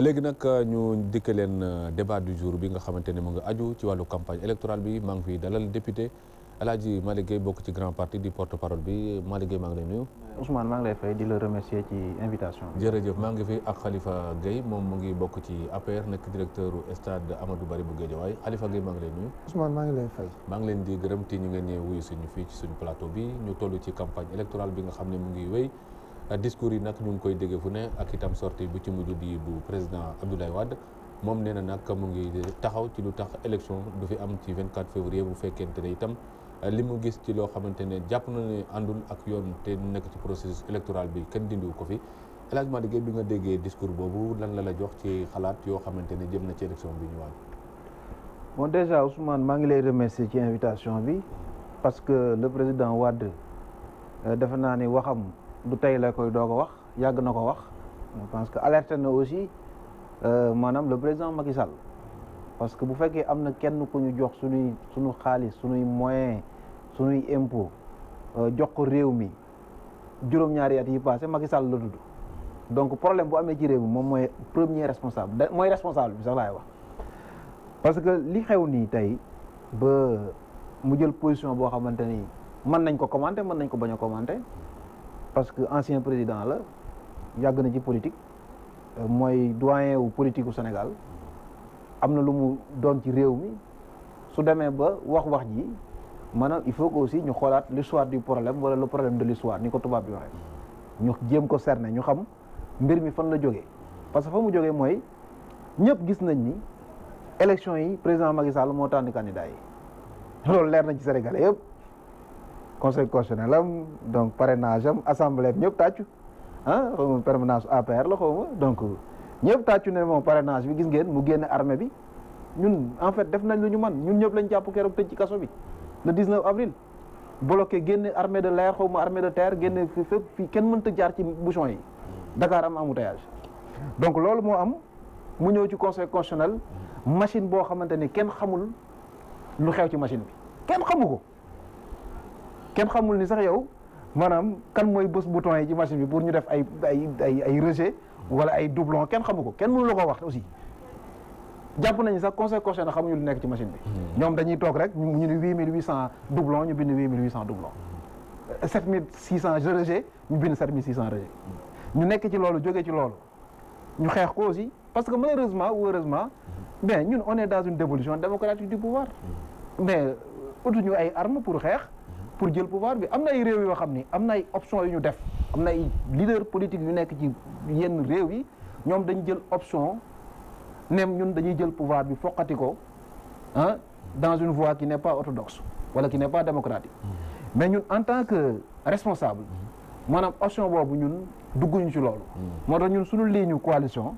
léegi nag euh, ñu dikke leen euh, débat du jour bi nga xamante ne mu ngi aju ci wàllu campagne électorale bi maa ngi fi dalal député El Hadji Malick bokk ci grand parti di porte parole bi Malick Gueye maa ngi lay nuyu. Ousmane maa ngi lay fay di la remercier ci invitation bi. jërëjëf maa ngi fi ak Khalifa Gueye moom mu ngi bokk ci APR nekk directeur stade Amadou Barry bu Guédiawaye Khalifa Gueye maa ngi lay nuyu. Ousmane maa ngi lay fay. maa ngi leen di gërëm te ñu ngeen ñëw wuyu suñu fii ci suñu plateau bi ñu toll ci campagne électorale bi nga xam ne mu ngi wéy. Euh, discours yi nag ñu ngi koy dégg fu ne ak itam sorti bu ci mujj di bu président Abdoulaye Wade moom nee na nag mu ngi taxaw ci lu tax élection du fi am ci 24 février bu fekkente ne itam euh, li mu gis ci loo xamante ne jàpp na ne àndul ak yoon te nekk ci processus électoral bi kenn dindiwu ko fi El Hadj bi nga déggee discours boobu lan la la jox ci xalaat yoo xamante ne jëm na ci élection bi ñu waaj. bon déjà Ousmane maa ngi lay remercier ci invitation bi parce que le président Wade euh, defe naa ni waxam. du tey la koy doog a wax yàgg na ko wax parce que alerté na aussi euh, maanaam le président Macky Sall parce que bu fekkee am na kenn ku ñu jox suñuy suñu xaalis suñuy moyen suñuy impôt euh, jox ko réew mi juróom-ñaari at yi passé Macky Sall la dudd donc problème bu amee ci réew mi moom mooy premier responsable mooy responsable bi sax laay wax parce que li xew nii tey ba mu jël position boo xamante ni mën nañ ko commenter mën nañ ko bañ a commenter parce que ancien président la yàgg na ci politique euh, mooy doyen wu politique u Sénégal am na lu mu doon ci réew mi su demee ba wax wax ji maanaam il faut que aussi ñu xoolaat l'histoire du problème wala le problème de l'histoire ni ko tubaab bi waxee ñu jéem ko cerner ñu xam mbir mi fan la jóge parce que fa mu jógee mooy ñëpp gis nañ ni élection yi président Macky Sall moo tànn candidat yi loolu leer na ci Sénégal yëpp conseil constitutionnel am donc parrainage am assemblée am ñëpp tàccu ah xaw ma permanence la xaw donc ñëpp tàccu ne moom parrainage bi gis ngeen mu génne armée bi ñun en fait def nañ lu ñu man ñun ñëpp lañ jàpp keroog tëj ci kaso bi le 19 avril bloqué génne armée de l'air xaw ma armée de terre génne fépp fii kenn mënta jaar ci bouchon yi Dakar am embouteillage donc loolu moo am mu ñëw ci conseil machine boo xamante ni kenn xamul lu xew ci machine bi kenn xamu ko kenn xamul ni sax yow maanaam kan mooy bës bouton yi ci machine bi pour ñu def ay ay ay ay rejet wala ay doublon kenn xamu ko kenn mënu la ko wax aussi jàpp nañu sax conseil na xamuñu lu nekk ci machine bi. Hmm. ñoom dañuy toog rek ñu ne huit mille huit cent doublon ñu bind huit mille huit cent doublon. Hmm. sept mille six cent rejet ñu bind sept mille six cent rejet ñu nekk ci loolu jógee ci loolu ñu xeex ko aussi parce que malheureusement ou heureusement hmm. mais ñun on est dans une dévolution démocratique du pouvoir mais euh, utuñu ay armes pour xeex. pour jël pouvoir bi am na ay réew yoo xam ni am na ay option yu ñu def am na ay leader politique yu nekk ci yenn réew yi ñoom dañu jël option nem ñun dañuy jël pouvoir bi foqati ko ah dans une voie qui n'est pas orthodoxe wala qui n'est pas démocratique mm-hmm. mais ñun en tant que responsable maanaam option boobu ñun dugguñu ci loolu mm-hmm. moo tax ñun suñu ligne ñu coalition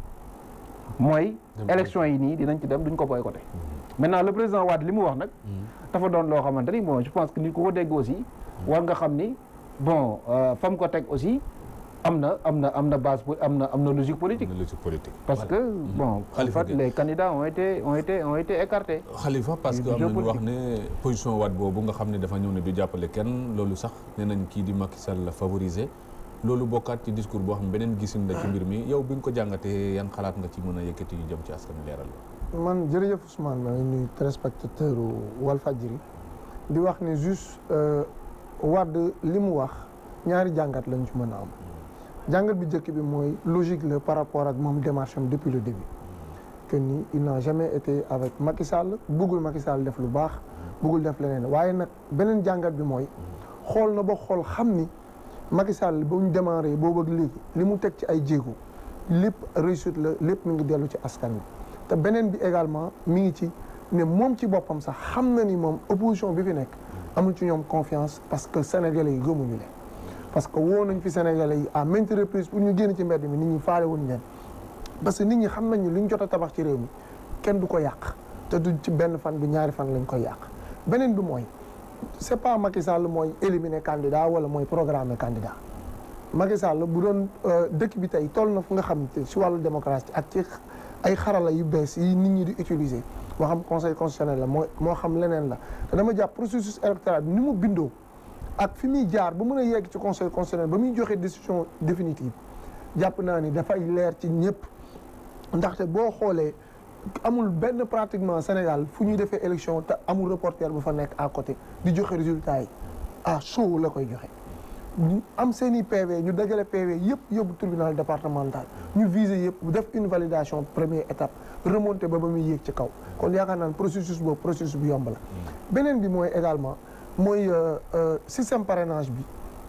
mooy élection yi nii dinañ ci dem duñ ko boycotté mm-hmm. maintenant le président Wade li mu wax nag. Hmm. dafa doon loo xamante ni bon je pense que nit ku ko dégg aussi. Hmm. war nga xam ni bon euh, fa ko teg aussi am na am na am na base am na am na logique politique. parce que hmm. bon. en fait les candidats ont été ont été ont été parce que am na ñu wax ne position Wade boobu nga xam ne dafa ñëw ne du jàppale kenn loolu sax nee nañ kii di Macky Sall la favoriser. loolu bokkaat ci discours boo xam beneen gisin la ci ah. mbir mi yow bi nga ko jàngatee yan xalaat nga ci mën a yëkkati jëm ci askan leeral man jërëjëf Ousmane maa ngi nuyu téléspectateur Walfadjri di wax ne juste euh, Wade li mu wax ñaari jàngat lañ ci mën a am jàngat bi njëkk bi mooy logique la par rapport ak moom démarche am depuis le début que ni il n'a jamais été avec Macky Sall bëggul Macky Sall def lu baax bëggul def leneen waaye nag beneen jàngat bi mooy xool na ba xool xam ni Macky Sall ba ñu démarré boobu ak léegi li mu teg ci ay jéego lépp réussite la lépp mi ngi dellu ci askan bi te beneen bi également mi ngi ci ne moom ci boppam sax xam na ni moom opposition bi fi nekk amul ci ñoom confiance parce que sénégalais yi gëmuñu leen parce que woo nañ fi sénégalais yi à maintes reprises bu ñu génn ci mbedd mi nit ñi faale wuñ leen parce que nit ñi xam nañu li ñu jot a tabax ci réew mi kenn du ko yàq te du ci benn fan bu ñaari fan lañ koy yàq beneen bi mooy c'est pas Macky mooy éliminer candidat wala mooy programmer candidat Macky Sall bu doon euh, dëkk bi tey toll na fu nga xam si wàllu démocratie ak ci ay xarala yu bees yi nit ñi di utiliser moo xam conseil constitutionnel la moo moo xam leneen la te dama jàpp processus électoral bi ni mu bindoo ak fi muy jaar ba mën a yegg ci conseil constitutionnel ba muy joxee décision définitive jàpp naa ni dafay leer ci ñëpp ndaxte boo xoolee amul benn pratiquement Sénégal fu ñuy defee élection te amul reporter bu fa nekk à côté di joxe résultat yi à chaud la koy joxe. ñu am seen i ñu dajale PV yëpp yóbbu tribunal départemental ñu viser yëpp def une validation première étape remonter ba ba muy yéeg ci kaw kon yaakaar naan processus boobu processus bu yomb la beneen bi mooy également mooy euh, euh, système parrainage bi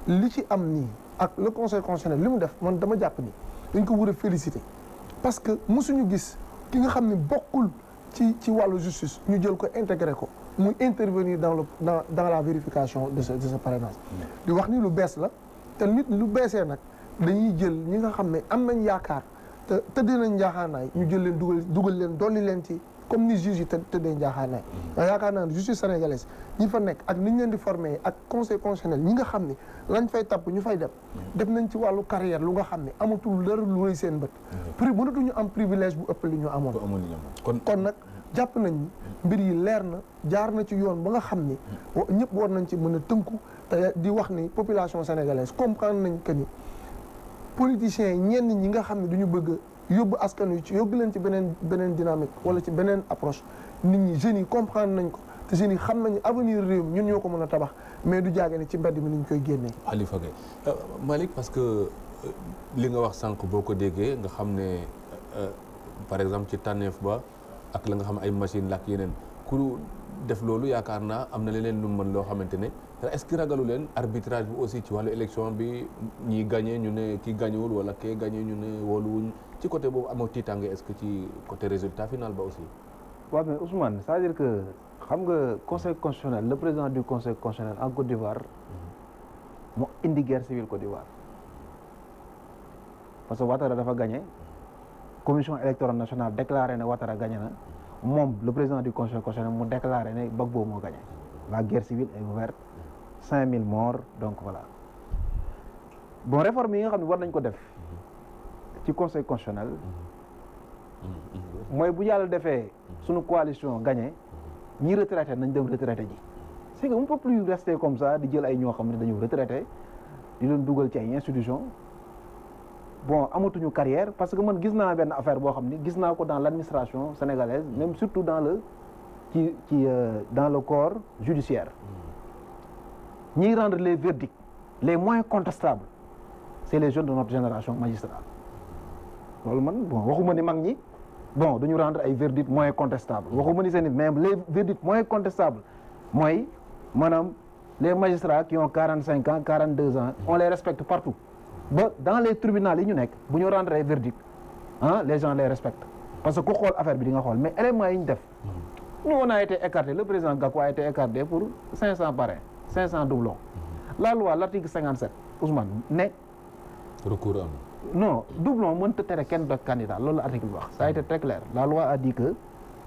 li ci am nii ak le conseil constitutionnel li mu def man dama jàpp ni dañ ko war a féliciter parce que mosuñu gis ki nga xam ne bokkul ci ci wàllu justice ñu jël ko intégré ko muy intervenir dans le dans dans la vérification de ce de ce parrainage. Mm. wax nii lu bees la te nit lu beesee nag dañuy jël ñi nga xam ne am nañ yaakaar te tëddee nañ njaaxaanaay ñu jël leen dugal dugal leen dolli leen ci comme ni juge yi te tëddee njaaxaanaay. Mm. yaakaar naa ne justice sénégalaise ñi fa nekk ak ni leen di formé ak conseil constitutionnel ñi nga xam ni lañ fay tapp ñu fay dem. Mm. def nañ ci wàllu carrière lu nga xam ni amatul dara lu rëy seen mbët prix mënatuñu am privilège bu ëpp li ñu amoon. kon jàpp nañ mbir yi leer na jaar na ci yoon ba nga xam ni ñëpp war nañ ci mën a tënku te di wax ni population sénégalaise comprendre nañ que ni politiciens yi ñenn ñi nga xam ne du ñu bëgg yóbbu askan wi ci yóbbu leen ci beneen beneen dynamique wala ci beneen approche nit ñi jeunes yi comprendre nañ ko te jeunes yi xam nañu avenir réew ñun ñoo ko mën a tabax mais du jaage ne ci mbedd mi ni koy génnee. Khalifa Gaye euh, parce que euh, li nga wax sànq boo ko déggee nga xam ne euh, par exemple ci tànneef ak la nga xam ay machine la ak yeneen ku def loolu yaakaar na am na leneen lu mën loo xamante ne est-ce que ragalu leen arbitrage bi aussi ci wàllu élection bi ñi gagné ñu ne ki gagnéwul wala kee gagné ñu ne wóoluwuñ ci côté boobu amoo tiitange est-ce que ci côté résultat final ba aussi. waaw mais Ousmane c'est-à-dire que xam nga conseil constitutionnel le président du conseil constitutionnel en Côte d'Ivoire. Mm-hmm. moo indi guerre civile Côte d'Ivoire parce que Ouattara dafa gagné. commission électorale nationale na ne Ouattara gagné na moom le président du conseil constitutionnel mu déclaré ne Gbagbo moo gagné waa guerre civile est ouverte cinq mille morts donc voilà bon réforme yi nga xam ne war nañ ko def ci conseil constitutionnel mooy bu yàlla defee suñu coalition gagné ñii retraité nañ dem retraité ji c'est que on peut plus rester comme ça di jël ay ñoo xam ne dañu retraité di leen dugal ci ay institution bon amatuñu carrière parce que man gis naa benn affaire boo xam ni gis naa ko dans l' administration sénégalaise même surtout dans le ci ci euh, dans le corps judiciaire ñiy rendre les verdicts les moins contestables c' est les jeunes de notre génération magistrale loolu man bon waxuma ni mag ñi bon duñu rendre ay verdicts moins contestables waxuma ni seen i mais les verdicts moins contestables mooy maanaam les magistrats qui ont quarante cinq ans quarante deux ans on les respecte partout ba dans les tribunaux yi ñu nekk bu ñu rendre verdict ah les gens les respectent parce que ku xool affaire bi di nga xool mais éléments yi ñu def mm-hmm. nous on a été écarté le président Gakou a été écarté pour cinq cent parrains cinq cent doublons mm-hmm. la loi l'article cinquante sept Ousmane ne recours am non doublon mënta tere kenn doog candidat loolu article wax sa a été très clair la loi a dit que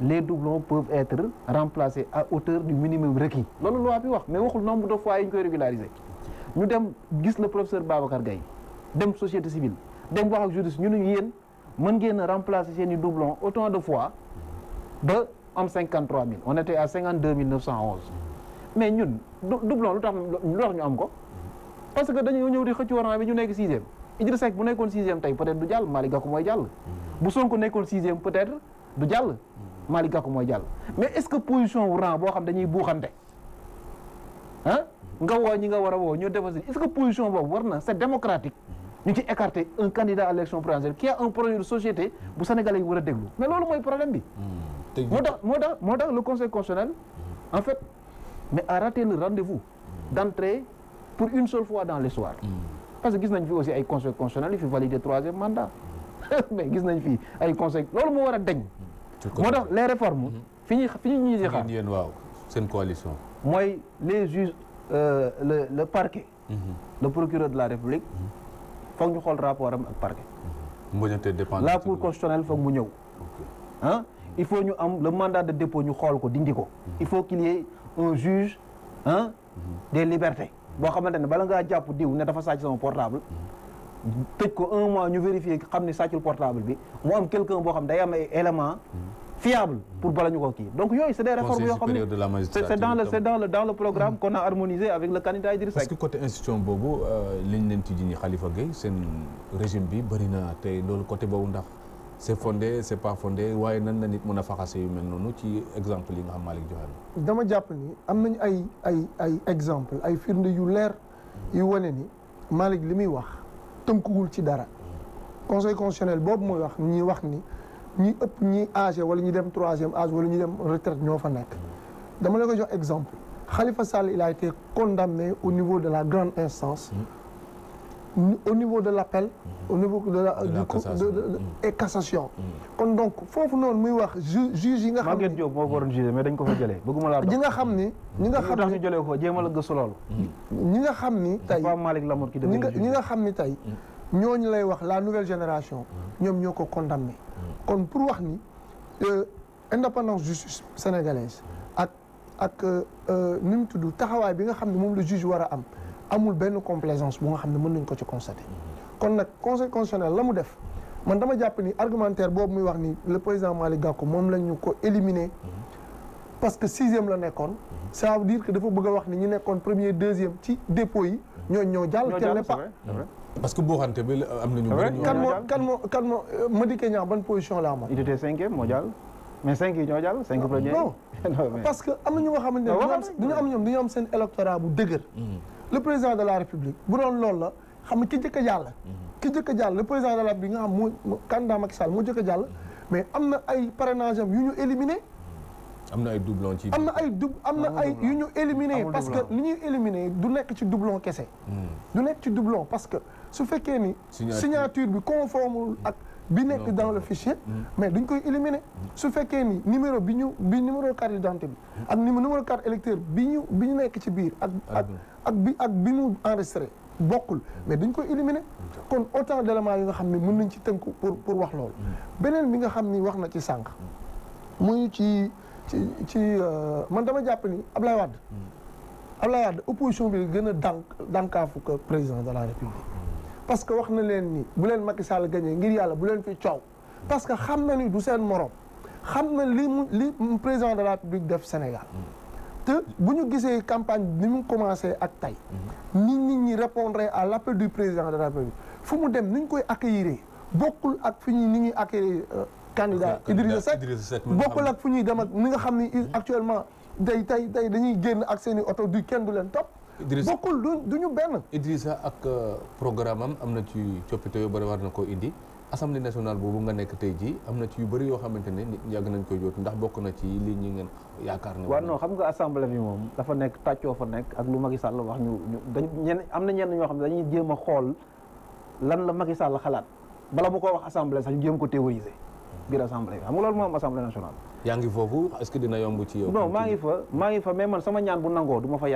les doublons peuvent être remplacés à hauteur du minimum requis loolu loi bi wax mais waxul nombre de fois yi ñu dem gis le professeur Babacar Gaye dem société civile dem wax ak juriste ñu ne yéen mën ngeen a remplacer seen i doublon autant de fois ba am 53 000 on était à 52 911 mais ñun doublon lu tax lu tax ñu am ko parce que dañoo ñëw di xëcc warant bi ñu nekk sixième Idrissa Seck bu nekkoon sixième tey peut-être du jàll Malick Gakou mooy jàll bu Sonko nekkoon sixième peut-être du jàll Malick Gakou mooy jàll mais est-ce que position wu rang boo xam dañuy buuxante ah war a woo ñoo defal est-ce que boobu war na démocratique ñu ci écarté un candidat à l'élection présidentielle qui a un projet de société bu sénégalais yi war a déglu mais loolu mooy problème bi hmm. moo tax moo tax moo tax le conseil constitutionnel hmm. en fait mais a raté le rendez-vous hmm. d'entrée pour une seule fois dans l'histoire parce que gis nañ fi aussi ay conseil constitutionnel yi fi validé troisième mandat mais gis nañ fi ay conseil loolu moo war a deñ moo tax les réformes fi ñu fi ñu ñuy xaar yéen waaw seen coalition mooy les juges euh, le le parquet le procureur de la République foog ñu xool rapport am ak parquet. mbañante dépend la cour constitutionnelle foog mu ñëw. ah il faut ñu am le mandat de dépôt ñu xool ko dindi ko. Mhm. il faut qu'il y ait un juge ah des libertés boo xamante ne bala ngaa jàpp diw ne dafa sàcc sama portable. Mhm. tëj ko un mois ñu vérifier xam ne sàccul portable bi mu am quelqu'un boo xam day am ay éléments. fiable pour bala ñu ko kii donc yooyu c' est des réformes ne c' est dans le a harmonisé avec le candidat Idrissa Seck euh, leen ci jiñi Khalifa Gueye seen régime bi bëri na te loolu côté boobu ndax c' est fondé c' est pas fondé waaye nan la nit mën a faxase yu mel noonu ci exemple yi nga xam Malick joxe dama jàpp ni am nañu ay ay ay exemple ay firnde yu leer yu wane ni Malick li muy wax tënkuwul ci dara conseil constitutionnel boobu mooy wax ñi wax ni ñi ëpp ñi âgé wala ñu dem troisième âge wala ñu dem retraite ñoo fa nekk dama la koy jox exemple Khalifa Sall il a été condamné au niveau de la grande instance au niveau de l'appel au niveau de la du mm. et cassation mm. kon donc foofu noonu muy wax juge yi nga xam ne Maguette Diop moo dañ ko fa jëlee bëgguma laa ñi nga xam ni ñi nga xam ni jëlee ko jéemal a gëstu loolu ñi nga xam ni tey Malick Lamour ki ñi nga xam ni tey mm. ñooñu lay wax la nouvelle génération ñoom ñoo ko condamné kon pour wax ni euh, indépendance justice sénégalaise ak ak euh, euh, ni mu tudd taxawaay bi nga xam ne moom la juge war a am amul benn complaisance bu nga xam ne mën nañ ko ci constater kon nag conseil constitutionnel la mu def man dama jàpp ni argumentaire boobu muy wax ni la président Malick Gakou moom la ñu ko éliminer parce que sixième la nekkoon ça veut que dafa bëgg a wax ni ñu nekkoon premier deuxième ci dépôt yi ñooñu jàll tel parce que booxante bi am nañu. Ah kan moo kan moo kan position la amoon. parce que am na ñu nga xamante ne dañu am ñoom dañu am seen électorat mm. xam ne ki njëkk a jàll. Mm-hmm. ki njëkk a jàll le président de la république mm-hmm. am na ay parrainage am yu am na ay doublon ci am na ay dub yu ñu éliminé parce que li ñuy éliminé du nekk ci doublon kese. Mm. du nekk ci doublon parce que. su fekkee ni signature bi conforme ak bi nekk dans le fichier mm. mais duñ koy éliminer mm. su fekkee ni numéro bi ñu bi numéro carte d'identité bi mm. ak numéro carte électeur bi ñu bi ñu nekk ci biir ak ak bi ak bi mu enregistré bokkul mais dañ koy éliminer kon autant d'éléments yi nga xam ne mun nañ ci tënk pour pour wax loolu beneen bi nga xam ni wax na ci sànq mu ci ci ci euh, man dama jàpp ni Ablaye Wade Ablaye Wade opposition bi gën a dànk dànkaafu que président de la République parce que wax na leen ni bu leen Macky gañee gagné ngir yàlla bu leen fi coow parce que xam na ni du seen morom xam na li mu li président de la République def Sénégal te bu ñu gisee campagne ni mu commencé ak tey nit nit ñi répondre à l' du président de la République fu mu dem ni ñu koy accueillir bokkul ak fu ñu ni ñuy accueillir euh, candidat Idrissa Seck bokkul ak fu ñuy dem ak ni nga xam ni actuellement day tey tey dañuy génn ak seen i oto du kenn du leen topp Idrissa bokkul du ñu benn. Idrissa ak euh, programme am am na ci coppite yu bëri war na koo indi assemblée nationale boobu nga nekk tey ji am na ci yu bëri yoo xamante ne nit yàgg nañ koy jot ndax bokk na ci li ñi ngeen yaakaar ne. waaw non xam nga assemblée bi moom dafa nekk tàccoo fa nekk ak lu Macky Sall wax ñu ñu dañ ñenn am na ñenn ñoo xam ne dañuy jéem a xool lan la Macky Sall xalaat bala mu ko wax assemblée sax ñu jéem ko théoriser biir assemblée bi xam nga loolu moo am assemblée nationale. yaa ngi foofu est-ce dina yomb ci yow. non maa ngi fa maa ngi fa mais man sama ñaan bu nangoo du ma fa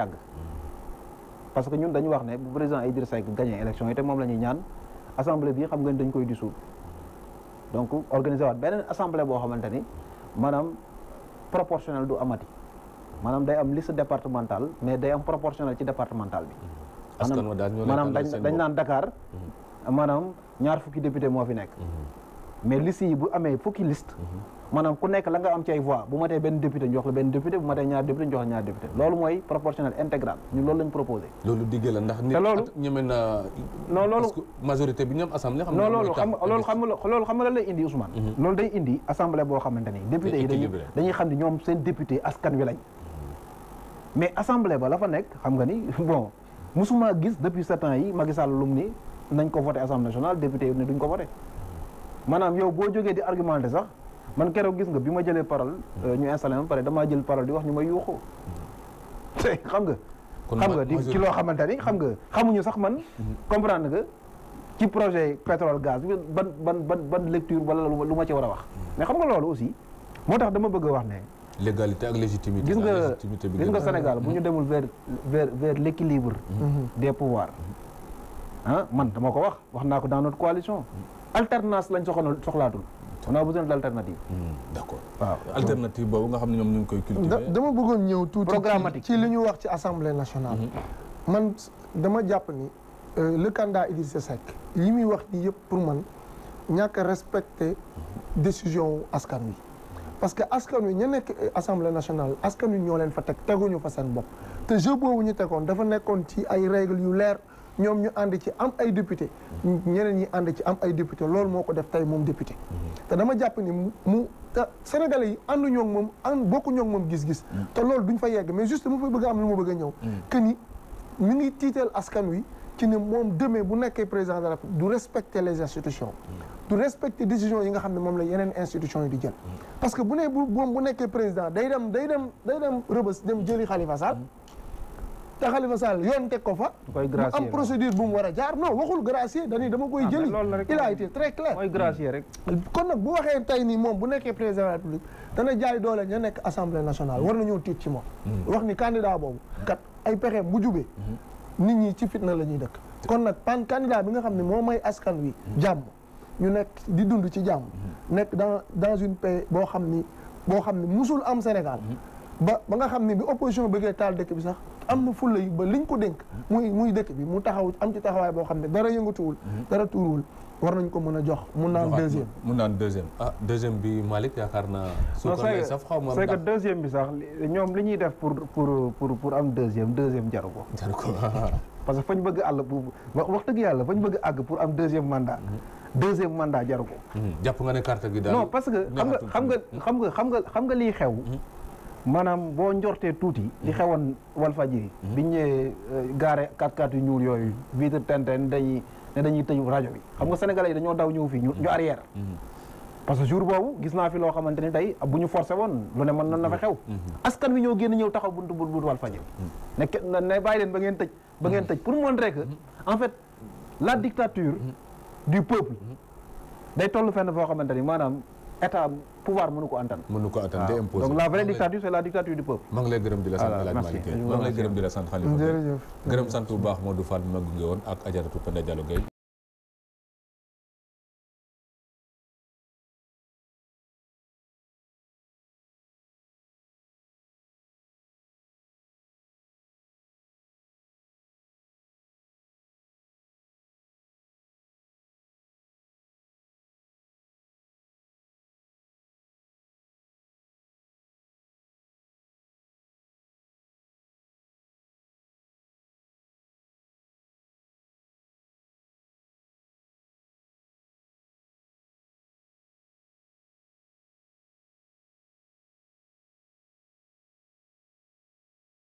parce que ñun dañu wax ne bu président Idrissa Seck gagné élection yi te moom la ñuy ñaan assemblée bi xam nga ni dañ koy di dissoudre donc organiser waat beneen assemblée boo xamante ni maanaam proportionnel du amati maanaam day am liste départementale mais day am proportionnel ci départemental bi. askan wa daal maanaam dañ naan Dakar. Mhm. maanaam ñaar fukki député moo fi nekk. Mhm. mais liste yi bu amee fukki list mhm. maanaam ku nekk la nga am ci ay voix bu ma tee benn député ñu jox la benn député bu ma tee ñaar député ñu la ñaar député loolu mooy proportionnel intégral ñu loolu lañ proposé loolu diggee la ndax nit loolu bi ñoom assemblée xam non loolu xam loolu xam loolu xam nga lay indi Ousmane mhm. loolu day indi assemblée boo xamante ni député yi dañuy dañuy xam ne ñoom seen député askan wi lañ mhm. mais assemblée ba la fa nekk xam nga ni bon musuma gis depuis sept yi Macky Sall lum ni nañ ko voté assemblée nationale député yi ne duñ ko voté maanaam yow boo jógee di argumenté sax man keroog gis nga bi ma jëlee parole euh, ñu installé pare damaa jël parole di wax ñu may yuuxoo te xam nga xam nga di ci loo xamante ni xam nga xamuñu sax man mhm. comprendre nga ci projet pétrole gaz bi ban ban ban ban lecture wala lu ma ci war a wax mais xam nga loolu aussi moo tax dama bëgg wax ne légalité ak légitimité gis nga gis nga Sénégal mhm. bu ñu demul vers vers vers l' équilibre mhm. des pouvoirs ah man dama ko wax wax naa ko dans notre coalition alternance lañ soxla soxlaatul on a besoin d' alternative. Hmm, d' accord waaw alternative boobu nga xam ne ñoom ñu ngi koy. cultiver dama bëggoon ñëw tuuti. programmatique ci li ñu wax ci assemblée nationale. Hmm. man dama jàpp ni euh, le candidat Idrissa Seck li muy wax nii yëpp pour man ñàkk a respecté décision askan wi. parce que askan wi ña nekk assemblée nationale askan wi ñoo leen fa teg teguñu fa seen bopp te jeu boobu ñu tegoon dafa nekkoon ci ay règles yu leer. ñoom ñu ànd ci am ay député ñeneen ñi ànd ci am ay député loolu moo ko def tey moom député mm-hmm. te dama jàpp ni mu sénégalais yi àndu ñoo moom ànd bokku ñoo moom gis-gis mm-hmm. te loolu ñu fa yegg mais juste mu fa bëgg am lu mu bëgg a ñëw mm-hmm. que ni mi ngi tiiteel askan wi ci ne moom demee bu nekkee président de du respecter les institutions du respecter décision yi nga xam ne moom la yeneen institution yi di jël parce que bu nee bu moom bu nekkee président day dem day dem day dem rëbës dem jëli Khalifa Sall te Khalifa Sall yoon teg ko fa. mu am procédure bu mu war a jaar non waxul gracier dañuy koy ah, jëli. il a été très clair. kon nag bu waxee tey nii moom bu nekkee président de la République dana jaay doole ña nekk assemblée nationale war nañoo tiit ci moom. Hmm. wax ni candidat boobu kat ay pexe bu jubee. Hmm. nit ñi ci fitna la ñuy dëkk. kon nag pan candidat bi nga xam ne moo may askan wi. Hmm. jàmm ñu nekk di dund ci jàmm. nekk dans dans une boo xam ni boo xam ni musul am Sénégal. ba ba nga xam ni bi opposition bëggee taal dëkk bi sax. am na fulla yi ba liñ ko dénk muy muy dëkk bi mu taxaw am ci taxawaay boo xam ne dara yëngatuwul mhm. dara tuuruwul war nañ ko mën a jox mun naan deuxième mu naan deuxième ah deuxième bi Malick yaakaar na soo ko lay saf xaw ma c'est que deuxième bi sax ñoom li ñuy def pour pour pour pour am deuxième deuxième jaru ko parce que fañ bëgg àll bu wax dëgg yàlla fañ bëgg àgg pour am deuxième mandat mhm. deuxième mandat jaru ko mhm. jàpp nga ne carte gi daal non parce que xam nga xam nga xam nga xam nga xam nga liy xew maanaam boo njortee tuuti. li mm-hmm. xewoon Walfadjri. Mm-hmm. bi ñëwee euh, gaare 4x4 yu ñuul yooyu bii tenten dañuy ne dañuy tëj rajo bi xam nga sénégalais yi dañoo daw ñëw fii ñu mm-hmm. arrière. parce que jour boobu gis naa fi loo xamante ni tey bu ñu forcé woon lu ne mën na na fa xew. askan wi ñoo génn ñëw taxaw buntu buntu buntu Walfadjri. ne kenn ne bàyyi leen ba ngeen tëj. ba ngeen tëj pour montrer que en fait la dictature du peuple day toll fenn foo xamante ni maanaam. état pouvoir mënu ko antan mënu ko antan lay gërëm di la sant El Hadj gërëm di la sant Khalifa gërëm sant bu baax Modou Fall ma a woon ak Adjaratou Penda Diallo Gueye